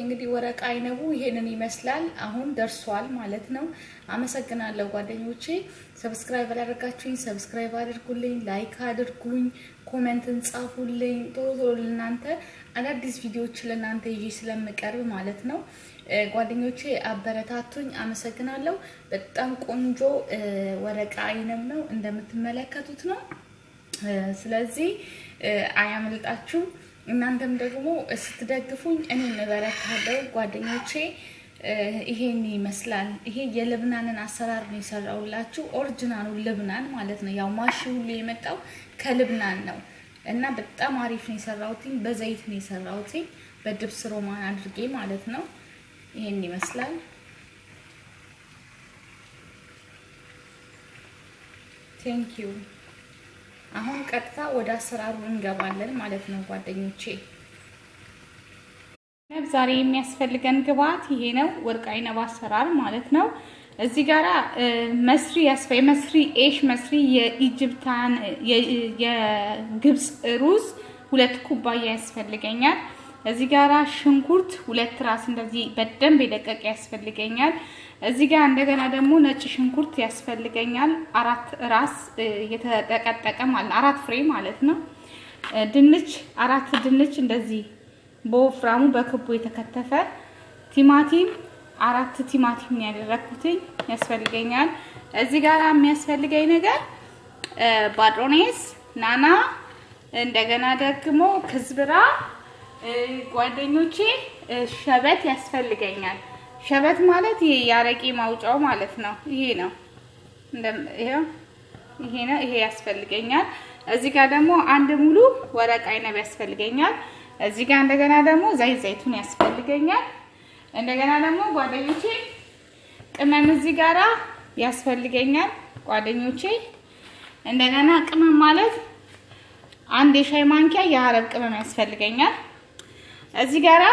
እንግዲህ ወረቃ አይነቡ ይሄንን ይመስላል። አሁን ደርሷል ማለት ነው። አመሰግናለሁ ጓደኞቼ። ሰብስክራይብ አላደረጋችሁኝ፣ ሰብስክራይብ አድርጉልኝ፣ ላይክ አድርጉኝ፣ ኮሜንትን ጻፉልኝ። ቶሎ ቶሎ ለእናንተ አዳዲስ ቪዲዮዎች ለእናንተ ይዤ ስለምቀርብ ማለት ነው ጓደኞቼ አበረታቱኝ። አመሰግናለሁ። በጣም ቆንጆ ወረቃ አይነብ ነው እንደምትመለከቱት ነው። ስለዚህ አያመልጣችሁም። እናንተም ደግሞ ስትደግፉኝ እኔ እንበረታለሁ። ጓደኞቼ ይሄን ይመስላል። ይሄ የልብናንን አሰራር ነው የሰራውላችሁ። ኦሪጂናሉ ልብናን ማለት ነው። ያው ማሽ ሁሉ የመጣው ከልብናን ነው እና በጣም አሪፍ ነው የሰራውትኝ። በዘይት ነው የሰራውትኝ፣ በድብስ ሮማን አድርጌ ማለት ነው። ይሄን ይመስላል። ቴንኪዩ አሁን ቀጥታ ወደ አሰራሩ እንገባለን ማለት ነው ጓደኞቼ። ነብ ዛሬ የሚያስፈልገን ግብአት ይሄ ነው፣ ወርቅ አይነብ አሰራር ማለት ነው። እዚህ ጋራ መስሪ ያስፈይ መስሪ ኤሽ መስሪ የኢጅፕታን የግብፅ ሩዝ ሁለት ኩባያ ያስፈልገኛል። እዚህ ጋራ ሽንኩርት ሁለት ራስ እንደዚህ በደንብ የደቀቀ ያስፈልገኛል። እዚህ ጋር እንደገና ደግሞ ነጭ ሽንኩርት ያስፈልገኛል። አራት ራስ የተጠቀጠቀ ማለት አራት ፍሬ ማለት ነው። ድንች አራት ድንች እንደዚህ በወፍራሙ በክቡ የተከተፈ ቲማቲም አራት ቲማቲም ያደረኩትኝ ያስፈልገኛል። እዚህ ጋር የሚያስፈልገኝ ነገር ባድሮኔስ፣ ናና እንደገና ደግሞ ክዝብራ ጓደኞቼ ሸበት ያስፈልገኛል። ሸበት ማለት ይሄ ያረቄ ማውጫው ማለት ነው። ይሄ ነው ይሄ ነው። ይሄ ያስፈልገኛል። እዚህ ጋር ደግሞ አንድ ሙሉ ወረቅ አይነብ ያስፈልገኛል። እዚህ ጋር እንደገና ደግሞ ዘይት ዘይቱን ያስፈልገኛል። እንደገና ደግሞ ጓደኞቼ ቅመም እዚህ ጋራ ያስፈልገኛል ጓደኞቼ። እንደገና ቅመም ማለት አንድ የሻይ ማንኪያ የአረብ ቅመም ያስፈልገኛል። እዚህ ጋራ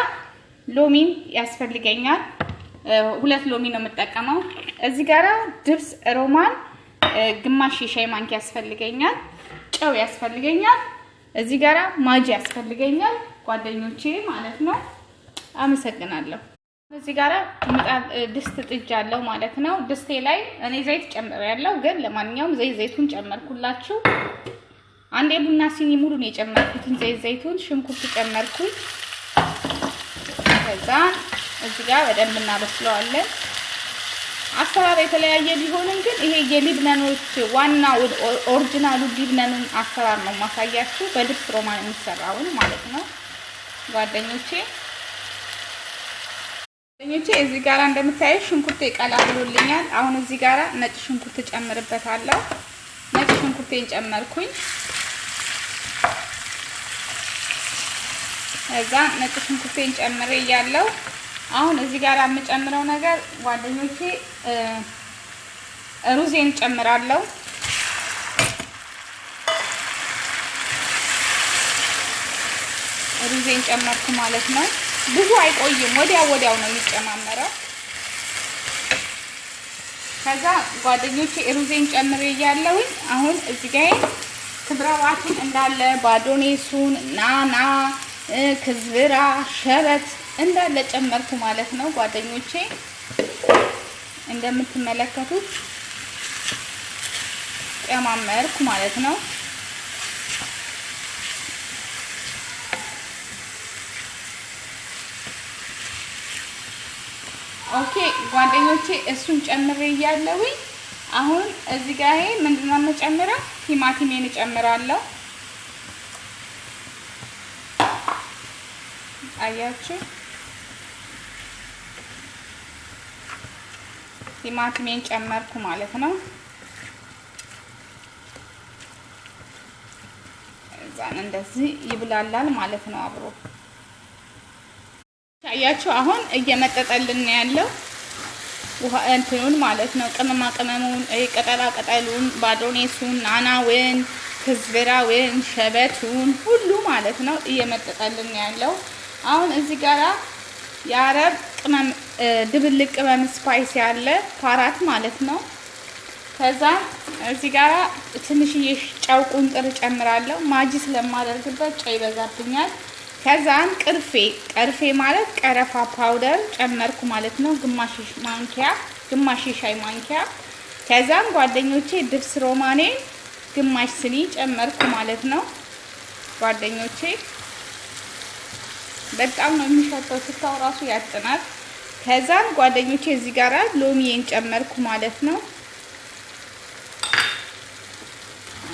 ሎሚን ያስፈልገኛል። ሁለት ሎሚ ነው የምጠቀመው። እዚህ ጋራ ድብስ ሮማን ግማሽ የሻይ ማንኪያ ያስፈልገኛል። ጨው ያስፈልገኛል። እዚህ ጋራ ማጂ ያስፈልገኛል ጓደኞቼ ማለት ነው። አመሰግናለሁ። እዚህ ጋራ ድስት ጥጃ አለው ማለት ነው። ድስቴ ላይ እኔ ዘይት ያለው ግን ለማንኛውም ዘይት ዘይቱን ጨመርኩላችሁ። አንዴ ቡና ሲኒ ሙሉ ነው የጨመርኩትን ዘይት ዘይቱን፣ ሽንኩርት ጨመርኩኝ ከዛ እዚህ ጋር በደንብ እናበስለዋለን። አሰራር የተለያየ ቢሆንም ግን ይሄ የሊብነኖች ዋና ኦሪጂናሉ ሊብነኑን አሰራር ነው ማሳያችሁ፣ በልብስ ሮማን የሚሰራውን ማለት ነው ጓደኞቼ ጓደኞቼ። እዚህ ጋራ እንደምታየ ሽንኩርቴ ቀላ ብሎልኛል። አሁን እዚህ ጋራ ነጭ ሽንኩርት ጨምርበታለሁ። ነጭ ሽንኩርቴን ጨመርኩኝ። እዛ ነጭ ሽንኩርቴን ጨምሬ እያለው አሁን እዚህ ጋር የምጨምረው ነገር ጓደኞቼ ሩዜን ጨምራለሁ። ሩዜን ጨመርኩ ማለት ነው። ብዙ አይቆይም፣ ወዲያው ወዲያው ነው የሚጨማመረው። ከዛ ጓደኞቼ ሩዜን ጨምሬ እያለሁኝ አሁን እዚህ ጋር ክብረ እንዳለ ባዶኔሱን፣ ናና፣ ክዝብራ፣ ሸበት እንዳለ ጨመርኩ ማለት ነው ጓደኞቼ። እንደምትመለከቱት ጨማመርኩ ማለት ነው። ኦኬ ጓደኞቼ እሱን ጨምሬ እያለሁኝ አሁን እዚህ ጋር ይሄ ምንድን ነው የምጨምረው? ቲማቲሜን እጨምራለሁ። አያችሁ ቲማቲሜን ጨመርኩ ማለት ነው። እዛን እንደዚህ ይብላላል ማለት ነው አብሮ ታያችሁ። አሁን እየመጠጠልን ያለው ውሃ እንትኑን ማለት ነው ቅመማ ቅመሙን፣ ቅጠላ ቅጠሉን፣ ባዶኔሱን፣ ናናውን፣ ክዝብራውን፣ ሸበቱን ሁሉ ማለት ነው እየመጠጠልን ያለው አሁን እዚህ ጋራ የአረብ ቅመም ድብልቅ ቅመም ስፓይስ ያለ ካራት ማለት ነው። ከዛ እዚህ ጋር ትንሽዬ ጨው ቁንጥር ጨምራለሁ። ማጂ ስለማደርግበት ጨው ይበዛብኛል። ከዛን ቅርፌ ቀርፌ ማለት ቀረፋ ፓውደር ጨመርኩ ማለት ነው። ግማሽ ማንኪያ ግማሽ ሻይ ማንኪያ። ከዛም ጓደኞቼ ድብስ ሮማኔ ግማሽ ስኒ ጨመርኩ ማለት ነው። ጓደኞቼ በጣም ነው የሚሸተው፣ ስታው ራሱ ያጥናል። ከዛም ጓደኞቼ እዚህ ጋር ሎሚዬን ጨመርኩ ማለት ነው።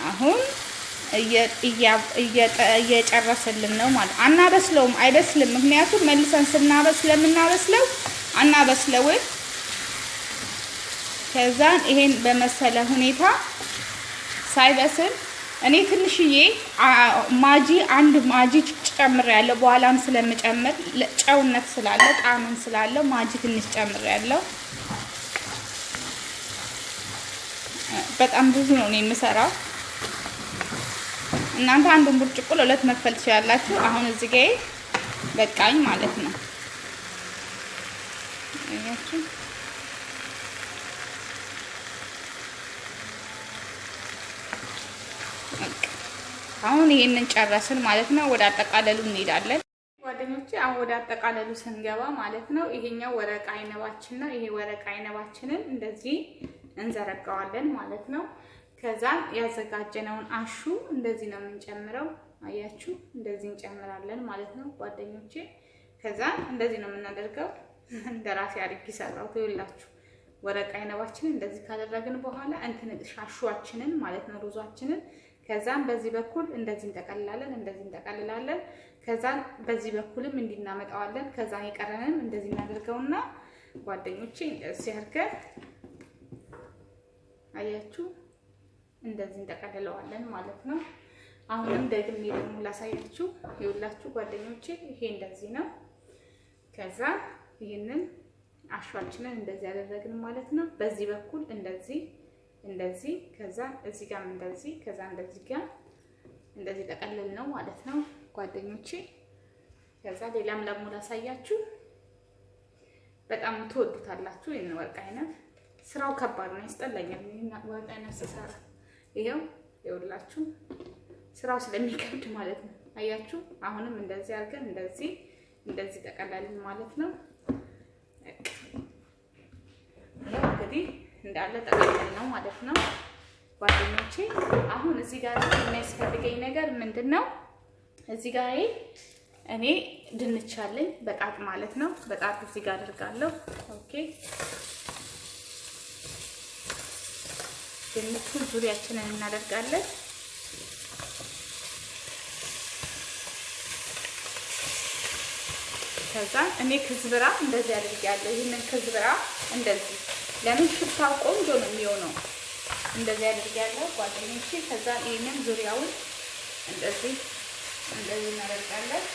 አሁን እየጨረስልን ነው ማለት አናበስለውም፣ አይበስልም። ምክንያቱም መልሰን ስናበስ ለምናበስለው አናበስለውም። ከዛን ይሄን በመሰለ ሁኔታ ሳይበስል እኔ ትንሽዬ ማጂ አንድ ማጂ ጨምር ያለው በኋላም ስለምጨምር ጨውነት ስላለው ጣዕምን ስላለው ማጅ ትንሽ ጨምር ያለው በጣም ብዙ ነው የምሰራው። እናንተ አንዱን ብርጭቆ ለሁለት መክፈል ትችላላችሁ። አሁን እዚህ ጋር በቃኝ ማለት ነው። አሁን ይሄንን ጨረስን ማለት ነው። ወደ አጠቃለሉ እንሄዳለን ጓደኞች አሁን ወደ አጠቃለሉ ስንገባ ማለት ነው ይሄኛው ወረቀ አይነባችን ነው። ይሄ ወረቀ አይነባችንን እንደዚህ እንዘረጋዋለን ማለት ነው። ከዛ ያዘጋጀነውን አሹ እንደዚህ ነው የምንጨምረው። አያችሁ እንደዚህ እንጨምራለን ማለት ነው ጓደኞቼ። ከዛ እንደዚህ ነው የምናደርገው። እንደራሴ አድርጊ ሰራው ትውላችሁ። ወረቀ አይነባችንን እንደዚህ ካደረግን በኋላ እንትን ሻሹዋችንን ማለት ነው ሩዟችንን ከዛም በዚህ በኩል እንደዚህ እንጠቀልላለን፣ እንደዚህ እንጠቀልላለን። ከዛን በዚህ በኩልም እንዲናመጣዋለን። ከዛን የቀረንም እንደዚህ እናደርገውና ጓደኞቼ ሲያርከን አያችሁ፣ እንደዚህ እንጠቀልለዋለን ማለት ነው። አሁንም ደግሜ ደግሞ ላሳያችሁ። ይኸውላችሁ ጓደኞቼ ይሄ እንደዚህ ነው። ከዛ ይህንን አሿችንን እንደዚህ ያደረግን ማለት ነው። በዚህ በኩል እንደዚህ እንደዚህ ከዛ እዚህ ጋር እንደዚህ ከዛ እንደዚህ ጋር እንደዚህ ጠቀልል ነው ማለት ነው ጓደኞቼ። ከዛ ሌላም ለሙ ላሳያችሁ። በጣም ትወዱታላችሁ ይህን ወርቅ አይነት። ስራው ከባድ ነው፣ ያስጠላኛል ወርቅ አይነት ስሰራ። ይሄው ይኸውላችሁ ስራው ስለሚከብድ ማለት ነው። አያችሁ፣ አሁንም እንደዚህ አድርገን እንደዚህ እንደዚህ ጠቀላልን ማለት ነው እንግዲህ እንዳለ ጠቅልል ነው ማለት ነው ጓደኞቼ። አሁን እዚህ ጋር የሚያስፈልገኝ ነገር ምንድን ነው? እዚህ ጋር እኔ ድንች አለኝ በጣት ማለት ነው። በጣት እዚህ ጋር አድርጋለሁ። ኦኬ ድንቹን ዙሪያችንን እናደርጋለን። ከዛ እኔ ክዝብራ እንደዚህ አድርጌያለሁ። ይህንን ክዝብራ እንደዚህ ለምን ሽታው ቆንጆ ነው የሚሆነው። እንደዚህ አድርጊያለሁ ጓደኞች። ከዛ ይህንን ዙሪያውን እንደዚህ እንደዚህ እናደርጋለን።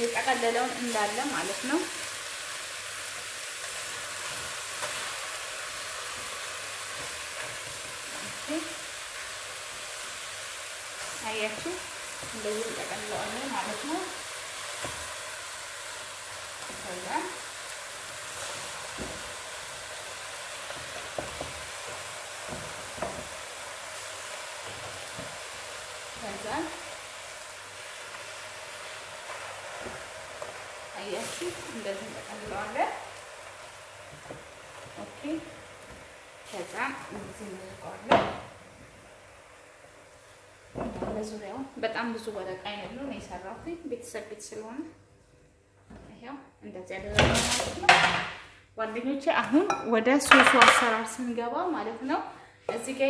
የጠቀለለውን እንዳለ ማለት ነው። አያችሁ እንደዚህ እንጠቀልለዋለን ማለት ነው። ይታያል። ከዛ አያችሁ እንደዚህ እንጠቀልለዋለን። ኦኬ ከዛ እንደዚህ እንልቀዋለን። በዙሪያውን በጣም ብዙ ወረቃ አይነሉ ነው የሰራሁት ቤተሰብ ቤት ስለሆነ እንደዚህ ያደረገው ጓደኞቼ አሁን ወደ ሶሱ አሰራር ስንገባ ማለት ነው እዚህ ጋ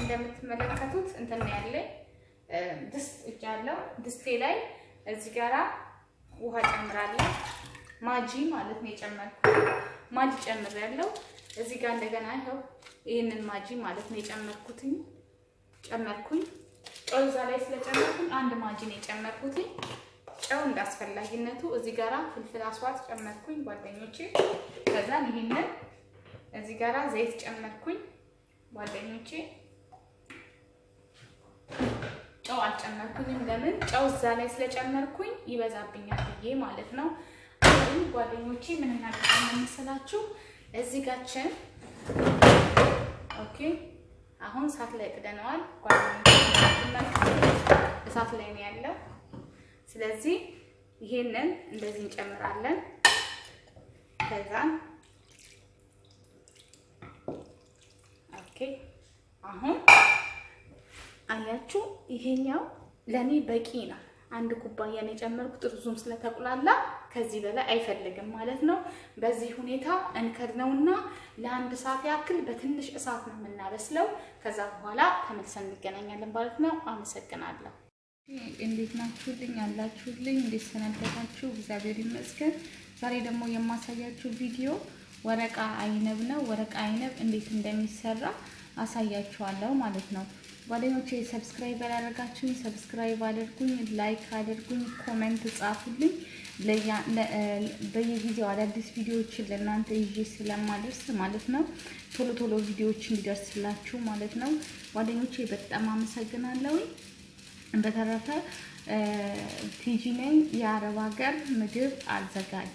እንደምትመለከቱት እንትን ያለ ድስት እጅ አለው። ድስቴ ላይ እዚህ ጋራ ውሃ ጨምራለሁ። ማጂ ማለት ነው የጨመርኩት ማጂ ጨምሬያለሁ። እዚህ ጋር እንደገና ይኸው ይህንን ማጂ ማለት ነው የጨመርኩትኝ ጨመርኩኝ። ጨው እዛ ላይ ስለጨመርኩኝ አንድ ማጂ ነው የጨመርኩትኝ። ጨው እንዳስፈላጊነቱ እዚህ ጋራ ፍልፍል አስዋት ጨመርኩኝ ጓደኞቼ። ከዛ ይህንን እዚህ ጋራ ዘይት ጨመርኩኝ ጓደኞቼ። ጨው አልጨመርኩኝም። ለምን ጨው እዛ ላይ ስለጨመርኩኝ ይበዛብኛል ብዬ ማለት ነው። አሁን ጓደኞቼ ምን እናደርጋለን መሰላችሁ? እዚህ ጋችን ኦኬ። አሁን እሳት ላይ ቅደነዋል ጓደኞቼ፣ እሳት ላይ ነው ያለው ስለዚህ ይሄንን እንደዚህ እንጨምራለን። ከዛ ኦኬ፣ አሁን አያችሁ ይሄኛው ለኔ በቂ ነው። አንድ ኩባያ ነው የጨመርኩት፣ ሩዙም ስለተቁላላ ከዚህ በላይ አይፈልግም ማለት ነው። በዚህ ሁኔታ እንከድነውና ለአንድ ሰዓት ያክል በትንሽ እሳት ነው የምናበስለው። ከዛ በኋላ ተመልሰን እንገናኛለን ማለት ነው። አመሰግናለሁ። እንዴት ናችሁልኝ? አላችሁልኝ? እንዴት ሰነበታችሁ? እግዚአብሔር ይመስገን። ዛሬ ደግሞ የማሳያችሁ ቪዲዮ ወረቃ አይነብ ነው። ወረቃ አይነብ እንዴት እንደሚሰራ አሳያችኋለሁ ማለት ነው። ጓደኞቼ ሰብስክራይብ ያላደረጋችሁኝ ሰብስክራይብ አድርጉኝ፣ ላይክ አድርጉኝ፣ ኮሜንት ጻፉልኝ። በየጊዜው አዳዲስ ቪዲዮዎችን ለእናንተ ይዤ ስለማደርስ ማለት ነው ቶሎ ቶሎ ቪዲዮዎች እንዲደርስላችሁ ማለት ነው። ጓደኞቼ በጣም አመሰግናለሁኝ። በተረፈ ቲጂ ነኝ። የአረብ ሀገር ምግብ አዘጋጅ።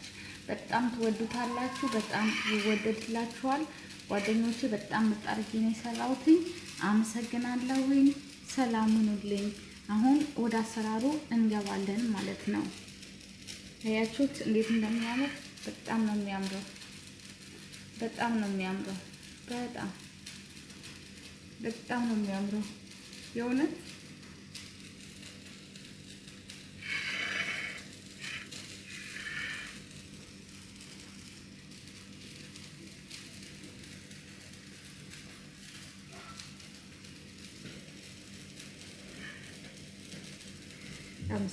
በጣም ትወዱታላችሁ፣ በጣም ይወደድላችኋል። ጓደኞቼ በጣም መጣርጌ ነው የሰራሁትኝ። አመሰግናለሁኝ። ሰላሙኑልኝ። አሁን ወደ አሰራሩ እንገባለን ማለት ነው። አያችሁት እንዴት እንደሚያምር በጣም ነው የሚያምረው። በጣም ነው የሚያምረው። በጣም በጣም ነው የሚያምረው የእውነት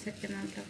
Second them